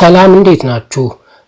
ሰላም እንዴት ናችሁ?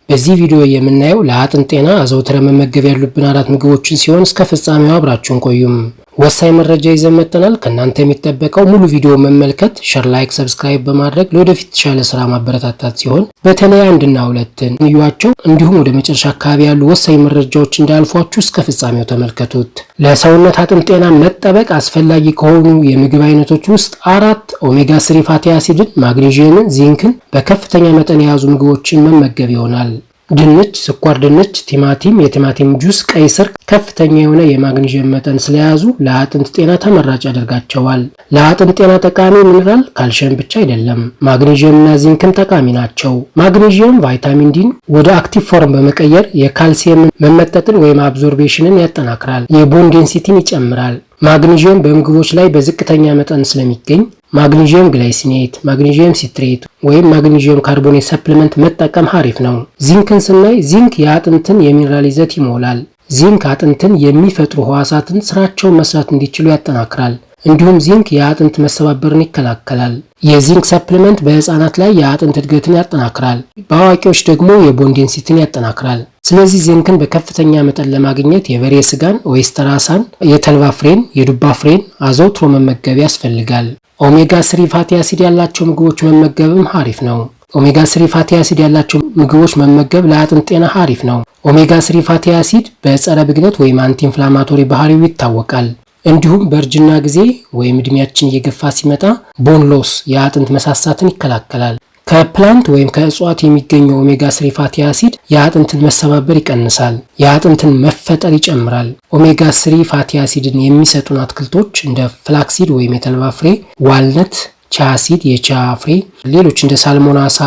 በዚህ ቪዲዮ የምናየው ለአጥንት ጤና አዘውትረ መመገብ ያሉብን አራት ምግቦችን ሲሆን እስከ ፍጻሜው አብራችሁን ቆዩም። ወሳኝ መረጃ ይዘን መጥተናል። ከእናንተ የሚጠበቀው ሙሉ ቪዲዮ መመልከት፣ ሸር፣ ላይክ፣ ሰብስክራይብ በማድረግ ለወደፊት የተሻለ ስራ ማበረታታት ሲሆን በተለይ አንድና ሁለትን እንዩዋቸው። እንዲሁም ወደ መጨረሻ አካባቢ ያሉ ወሳኝ መረጃዎች እንዳልፏችሁ እስከ ፍጻሜው ተመልከቱት። ለሰውነት አጥንት ጤና መጠበቅ አስፈላጊ ከሆኑ የምግብ አይነቶች ውስጥ አራት ኦሜጋ ስሪ ፋቲ አሲድን፣ ማግኔዥየምን፣ ዚንክን በከፍተኛ መጠን የያዙ ምግቦችን መመገብ ይሆናል። ድንች፣ ስኳር ድንች፣ ቲማቲም፣ የቲማቲም ጁስ፣ ቀይ ስር ከፍተኛ የሆነ የማግኒዥየም መጠን ስለያዙ ለአጥንት ጤና ተመራጭ ያደርጋቸዋል። ለአጥንት ጤና ጠቃሚ ሚኒራል ካልሽየም ብቻ አይደለም፣ ማግኒዥየም ዚንክም ጠቃሚ ናቸው። ማግኒዥየም ቫይታሚን ዲን ወደ አክቲቭ ፎርም በመቀየር የካልሲየም መመጠጥን ወይም አብዞርቤሽንን ያጠናክራል፣ የቦን ዴንሲቲን ይጨምራል። ማግኒዥየም በምግቦች ላይ በዝቅተኛ መጠን ስለሚገኝ ማግኒዥየም ግላይሲኔት፣ ማግኒዥየም ሲትሬት ወይም ማግኒዥየም ካርቦኔት ሰፕሊመንት መጠቀም ሀሪፍ ነው። ዚንክን ስናይ ዚንክ የአጥንትን የሚነራል ይዘት ይሞላል። ዚንክ አጥንትን የሚፈጥሩ ህዋሳትን ስራቸውን መስራት እንዲችሉ ያጠናክራል። እንዲሁም ዚንክ የአጥንት መሰባበርን ይከላከላል። የዚንክ ሰፕሊመንት በህፃናት ላይ የአጥንት እድገትን ያጠናክራል። በአዋቂዎች ደግሞ የቦን ዴንሲቲን ያጠናክራል። ስለዚህ ዚንክን በከፍተኛ መጠን ለማግኘት የበሬ ስጋን፣ ኦይስተር አሳን፣ የተልባ ፍሬን፣ የዱባ ፍሬን አዘውትሮ መመገብ ያስፈልጋል። ኦሜጋ ስሪ ፋቲ አሲድ ያላቸው ምግቦች መመገብም አሪፍ ነው። ኦሜጋ ስሪ ፋቲ አሲድ ያላቸው ምግቦች መመገብ ለአጥንት ጤና አሪፍ ነው። ኦሜጋ ስሪ ፋቲ አሲድ በጸረ ብግነት ወይም አንቲ ኢንፍላማቶሪ ባህሪው ይታወቃል። እንዲሁም በእርጅና ጊዜ ወይም እድሜያችን እየገፋ ሲመጣ ቦን ሎስ የአጥንት መሳሳትን ይከላከላል። ከፕላንት ወይም ከእጽዋት የሚገኘው ኦሜጋ ስሪ ፋቲ አሲድ የአጥንትን መሰባበር ይቀንሳል፣ የአጥንትን መፈጠር ይጨምራል። ኦሜጋ ስሪ ፋቲ አሲድን የሚሰጡን አትክልቶች እንደ ፍላክሲድ ወይም የተልባ ፍሬ፣ ዋልነት፣ ቻሲድ የቻ ፍሬ፣ ሌሎች እንደ ሳልሞን አሳ፣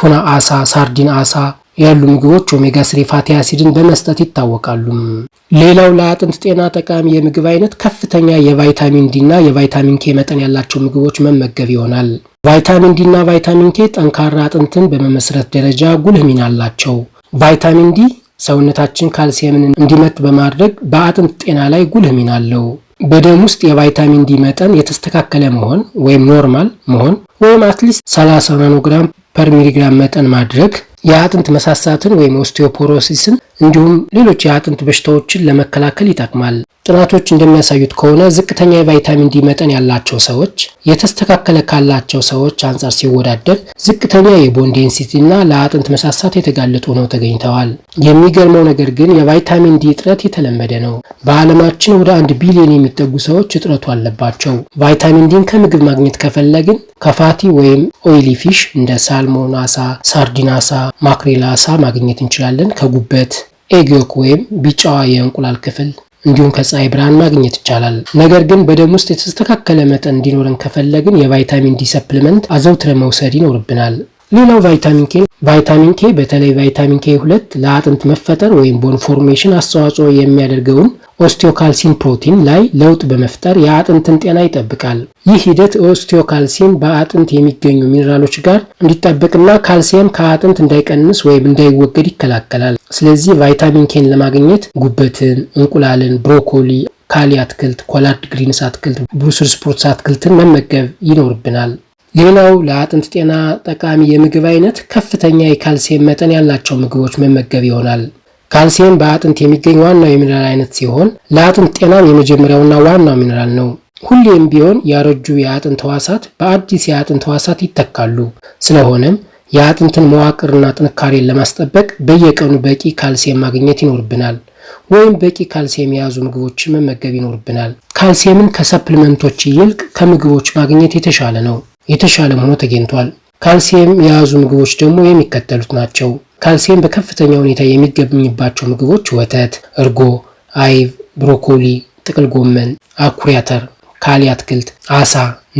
ቱና አሳ፣ ሳርዲን አሳ ያሉ ምግቦች ኦሜጋ ስሪ ፋቲ አሲድን በመስጠት ይታወቃሉ። ሌላው ለአጥንት ጤና ጠቃሚ የምግብ አይነት ከፍተኛ የቫይታሚን ዲ እና የቫይታሚን ኬ መጠን ያላቸው ምግቦች መመገብ ይሆናል። ቫይታሚን ዲ እና ቫይታሚን ኬ ጠንካራ አጥንትን በመመስረት ደረጃ ጉልህ ሚና አላቸው። ቫይታሚን ዲ ሰውነታችን ካልሲየምን እንዲመት በማድረግ በአጥንት ጤና ላይ ጉልህ ሚና አለው። በደም ውስጥ የቫይታሚን ዲ መጠን የተስተካከለ መሆን ወይም ኖርማል መሆን ወይም አትሊስት 30 ናኖግራም ፐር ሚሊግራም መጠን ማድረግ የአጥንት መሳሳትን ወይም ኦስቴዮፖሮሲስን እንዲሁም ሌሎች የአጥንት በሽታዎችን ለመከላከል ይጠቅማል። ጥናቶች እንደሚያሳዩት ከሆነ ዝቅተኛ የቫይታሚን ዲ መጠን ያላቸው ሰዎች የተስተካከለ ካላቸው ሰዎች አንጻር ሲወዳደር ዝቅተኛ የቦን ዴንሲቲ እና ለአጥንት መሳሳት የተጋለጡ ሆነው ተገኝተዋል። የሚገርመው ነገር ግን የቫይታሚን ዲ እጥረት የተለመደ ነው። በዓለማችን ወደ አንድ ቢሊዮን የሚጠጉ ሰዎች እጥረቱ አለባቸው። ቫይታሚን ዲን ከምግብ ማግኘት ከፈለግን ከፋቲ ወይም ኦይሊ ፊሽ እንደ ሳልሞን አሳ፣ ሳርዲን አሳ፣ አሳ ማግኘት እንችላለን። ከጉበት ኤግዮክ ወይም ቢጫዋ የእንቁላል ክፍል እንዲሁም ከፀሐይ ብርሃን ማግኘት ይቻላል። ነገር ግን በደም ውስጥ የተስተካከለ መጠን እንዲኖረን ከፈለግን የቫይታሚን ዲ ሰፕልመንት አዘውትረ መውሰድ ይኖርብናል። ሌላው ቫይታሚን ኬ ቫይታሚን ኬ በተለይ ቫይታሚን ኬ ሁለት ለአጥንት መፈጠር ወይም ቦን ፎርሜሽን አስተዋጽኦ የሚያደርገውን ኦስቲዮካልሲን ፕሮቲን ላይ ለውጥ በመፍጠር የአጥንትን ጤና ይጠብቃል። ይህ ሂደት ኦስቲዮካልሲን በአጥንት የሚገኙ ሚኔራሎች ጋር እንዲጠበቅና ካልሲየም ከአጥንት እንዳይቀንስ ወይም እንዳይወገድ ይከላከላል። ስለዚህ ቫይታሚን ኬን ለማግኘት ጉበትን፣ እንቁላልን፣ ብሮኮሊ ካሊ አትክልት፣ ኮላርድ ግሪንስ አትክልት፣ ብሩስል ስፖርትስ አትክልትን መመገብ ይኖርብናል። ሌላው ለአጥንት ጤና ጠቃሚ የምግብ አይነት ከፍተኛ የካልሲየም መጠን ያላቸው ምግቦች መመገብ ይሆናል። ካልሲየም በአጥንት የሚገኝ ዋናው የሚነራል አይነት ሲሆን ለአጥንት ጤናም የመጀመሪያውና ዋናው ሚነራል ነው። ሁሌም ቢሆን ያረጁ የአጥንት ህዋሳት በአዲስ የአጥንት ህዋሳት ይተካሉ። ስለሆነም የአጥንትን መዋቅርና ጥንካሬን ለማስጠበቅ በየቀኑ በቂ ካልሲየም ማግኘት ይኖርብናል። ወይም በቂ ካልሲየም የያዙ ምግቦችን መመገብ ይኖርብናል። ካልሲየምን ከሰፕልመንቶች ይልቅ ከምግቦች ማግኘት የተሻለ ነው፣ የተሻለም ሆኖ ተገኝቷል። ካልሲየም የያዙ ምግቦች ደግሞ የሚከተሉት ናቸው። ካልሲየም በከፍተኛ ሁኔታ የሚገኝባቸው ምግቦች ወተት፣ እርጎ፣ አይብ፣ ብሮኮሊ፣ ጥቅል ጎመን፣ አኩሪ አተር፣ ካሊ አትክልት፣ አሳ፣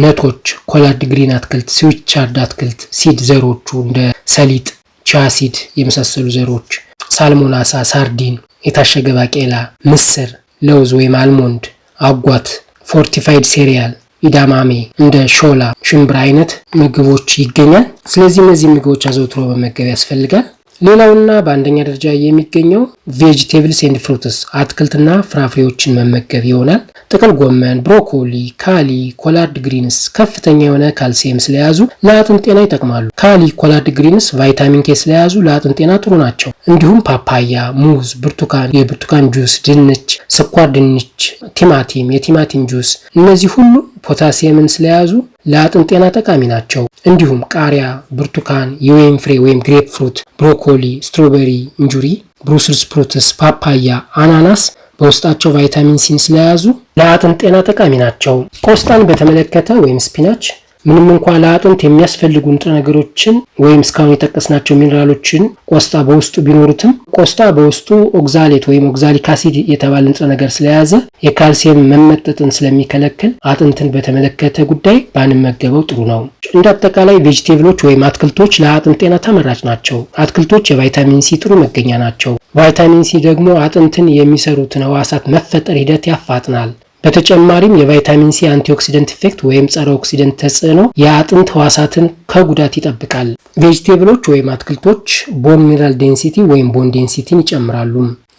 ነቶች፣ ኮላርድ ግሪን አትክልት፣ ስዊቻርድ አትክልት፣ ሲድ ዘሮቹ እንደ ሰሊጥ፣ ቺያሲድ የመሳሰሉ ዘሮች፣ ሳልሞን አሳ፣ ሳርዲን፣ የታሸገ ባቄላ፣ ምስር፣ ለውዝ ወይም አልሞንድ፣ አጓት፣ ፎርቲፋይድ ሴሪያል ኢዳማሜ እንደ ሾላ፣ ሽምብራ አይነት ምግቦች ይገኛል። ስለዚህ እነዚህ ምግቦች አዘውትሮ መመገብ ያስፈልጋል። ሌላውና በአንደኛ ደረጃ የሚገኘው ቬጅቴብልስ ኤንድ ፍሩትስ አትክልትና ፍራፍሬዎችን መመገብ ይሆናል። ጥቅል ጎመን፣ ብሮኮሊ፣ ካሊ፣ ኮላርድ ግሪንስ ከፍተኛ የሆነ ካልሲየም ስለያዙ ለአጥንት ጤና ይጠቅማሉ። ካሊ፣ ኮላርድ ግሪንስ ቫይታሚን ኬ ስለያዙ ለአጥንት ጤና ጥሩ ናቸው። እንዲሁም ፓፓያ፣ ሙዝ፣ ብርቱካን፣ የብርቱካን ጁስ፣ ድንች፣ ስኳር ድንች፣ ቲማቲም፣ የቲማቲም ጁስ እነዚህ ሁሉ ፖታሲየምን ስለያዙ ለአጥንት ጤና ጠቃሚ ናቸው። እንዲሁም ቃሪያ፣ ብርቱካን፣ የወይን ፍሬ ወይም ግሬፕ ፍሩት፣ ብሮኮሊ፣ ስትሮበሪ፣ እንጆሪ፣ ብሩስልስ ስፕሩትስ፣ ፓፓያ፣ አናናስ በውስጣቸው ቫይታሚን ሲን ስለያዙ ለአጥንት ጤና ጠቃሚ ናቸው። ቆስጣን በተመለከተ ወይም ስፒናች ምንም እንኳ ለአጥንት የሚያስፈልጉ ንጥረ ነገሮችን ወይም እስካሁን የጠቀስናቸው ሚኔራሎችን ቆስጣ በውስጡ ቢኖሩትም ቆስጣ በውስጡ ኦግዛሌት ወይም ኦግዛሊክ አሲድ የተባለ ንጥረ ነገር ስለያዘ የካልሲየም መመጠጥን ስለሚከለክል አጥንትን በተመለከተ ጉዳይ ባንመገበው ጥሩ ነው። እንደ አጠቃላይ ቬጅቴብሎች ወይም አትክልቶች ለአጥንት ጤና ተመራጭ ናቸው። አትክልቶች የቫይታሚን ሲ ጥሩ መገኛ ናቸው። ቫይታሚን ሲ ደግሞ አጥንትን የሚሰሩትን ህዋሳት መፈጠር ሂደት ያፋጥናል። በተጨማሪም የቫይታሚን ሲ አንቲኦክሲደንት ኢፌክት ወይም ጸረ ኦክሲደንት ተጽዕኖ የአጥንት ህዋሳትን ከጉዳት ይጠብቃል። ቬጅቴብሎች ወይም አትክልቶች ቦን ሚነራል ዴንሲቲ ወይም ቦን ዴንሲቲን ይጨምራሉ።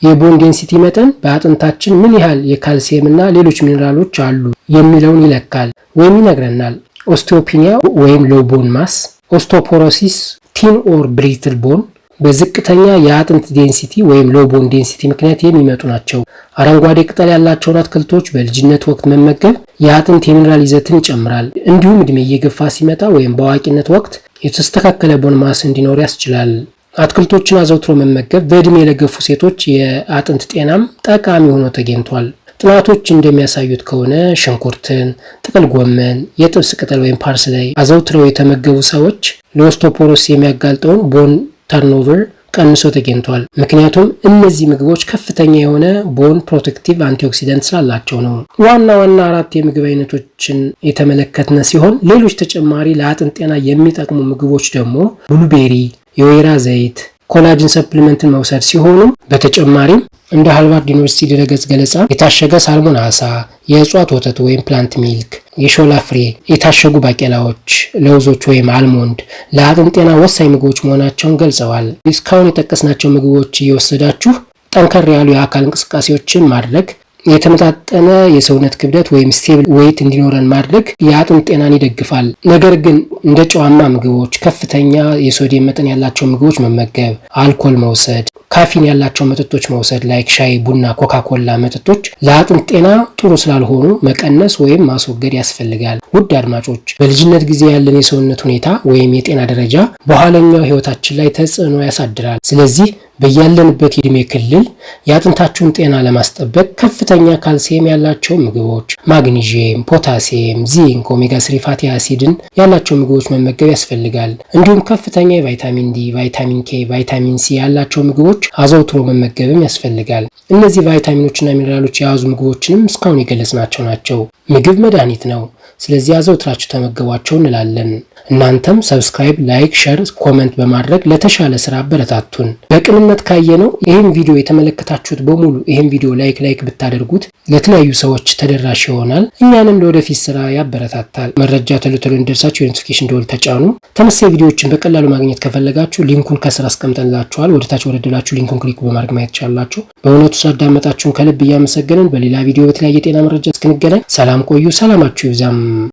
የቦን ዴንሲቲ መጠን በአጥንታችን ምን ያህል የካልሲየም እና ሌሎች ሚኔራሎች አሉ የሚለውን ይለካል ወይም ይነግረናል። ኦስቲዮፒኒያ ወይም ሎ ቦን ማስ፣ ኦስቶፖሮሲስ፣ ቲን ኦር ብሪትል ቦን በዝቅተኛ የአጥንት ዴንሲቲ ወይም ሎቦን ቦን ዴንሲቲ ምክንያት የሚመጡ ናቸው። አረንጓዴ ቅጠል ያላቸውን አትክልቶች በልጅነት ወቅት መመገብ የአጥንት የሚነራል ይዘትን ይጨምራል። እንዲሁም እድሜ እየገፋ ሲመጣ ወይም በአዋቂነት ወቅት የተስተካከለ ቦን ማስ እንዲኖር ያስችላል። አትክልቶችን አዘውትሮ መመገብ በእድሜ ለገፉ ሴቶች የአጥንት ጤናም ጠቃሚ ሆኖ ተገኝቷል። ጥናቶች እንደሚያሳዩት ከሆነ ሽንኩርትን፣ ጥቅል ጎመን፣ የጥብስ ቅጠል ወይም ፓርስላይ አዘውትረው የተመገቡ ሰዎች ለኦስቶፖሮስ የሚያጋልጠውን ቦን ተርኖቨር ቀንሶ ተገኝቷል። ምክንያቱም እነዚህ ምግቦች ከፍተኛ የሆነ ቦን ፕሮቴክቲቭ አንቲኦክሲደንት ስላላቸው ነው። ዋና ዋና አራት የምግብ አይነቶችን የተመለከትነ ሲሆን ሌሎች ተጨማሪ ለአጥንት ጤና የሚጠቅሙ ምግቦች ደግሞ ብሉቤሪ፣ የወይራ ዘይት፣ ኮላጅን ሰፕሊመንትን መውሰድ ሲሆኑ በተጨማሪም እንደ ሃልቫርድ ዩኒቨርሲቲ ድረገጽ ገለጻ የታሸገ ሳልሞን አሳ የእጽዋት ወተት ወይም ፕላንት ሚልክ፣ የሾላ ፍሬ፣ የታሸጉ ባቄላዎች፣ ለውዞች ወይም አልሞንድ ለአጥንት ጤና ወሳኝ ምግቦች መሆናቸውን ገልጸዋል። እስካሁን የጠቀስናቸው ምግቦች እየወሰዳችሁ ጠንከር ያሉ የአካል እንቅስቃሴዎችን ማድረግ የተመጣጠነ የሰውነት ክብደት ወይም ስቴብል ዌይት እንዲኖረን ማድረግ የአጥንት ጤናን ይደግፋል። ነገር ግን እንደ ጨዋማ ምግቦች፣ ከፍተኛ የሶዲየም መጠን ያላቸው ምግቦች መመገብ፣ አልኮል መውሰድ፣ ካፊን ያላቸው መጠጦች መውሰድ ላይክ ሻይ፣ ቡና፣ ኮካኮላ መጠጦች ለአጥንት ጤና ጥሩ ስላልሆኑ መቀነስ ወይም ማስወገድ ያስፈልጋል። ውድ አድማጮች፣ በልጅነት ጊዜ ያለን የሰውነት ሁኔታ ወይም የጤና ደረጃ በኋለኛው ህይወታችን ላይ ተጽዕኖ ያሳድራል። ስለዚህ በያለንበት እድሜ ክልል የአጥንታችሁን ጤና ለማስጠበቅ ከፍተኛ ካልሲየም ያላቸው ምግቦች፣ ማግኒዥየም፣ ፖታሲየም፣ ዚንክ፣ ኦሜጋ ስሪ ፋቲ አሲድን ያላቸው ምግቦች መመገብ ያስፈልጋል። እንዲሁም ከፍተኛ የቫይታሚን ዲ፣ ቫይታሚን ኬ፣ ቫይታሚን ሲ ያላቸው ምግቦች አዘውትሮ መመገብም ያስፈልጋል። እነዚህ ቫይታሚኖችና ሚኔራሎች የያዙ ምግቦችንም እስካሁን የገለጽናቸው ናቸው። ምግብ መድኃኒት ነው። ስለዚህ አዘውትራችሁ ተመገቧቸው እንላለን። እናንተም ሰብስክራይብ፣ ላይክ፣ ሸር፣ ኮመንት በማድረግ ለተሻለ ስራ አበረታቱን። በቅንነት ካየነው ይህን ቪዲዮ የተመለከታችሁት በሙሉ ይህን ቪዲዮ ላይክ ላይክ ብታደርጉት ለተለያዩ ሰዎች ተደራሽ ይሆናል፣ እኛንም ለወደፊት ስራ ያበረታታል። መረጃ ቶሎ ቶሎ እንደርሳችሁ የኖቲፊኬሽን ደወል ተጫኑ። ተመሳሳይ ቪዲዮዎችን በቀላሉ ማግኘት ከፈለጋችሁ ሊንኩን ከስር አስቀምጠንላችኋል። ወደታች ወረድላችሁ ሊንኩን ክሊክ በማድረግ ማየት ትችላላችሁ። በእውነቱ ስላዳመጣችሁን ከልብ እያመሰገንን በሌላ ቪዲዮ በተለያየ ጤና መረጃ እስክንገናኝ ሰላም ቆዩ። ሰላማችሁ ይብዛም።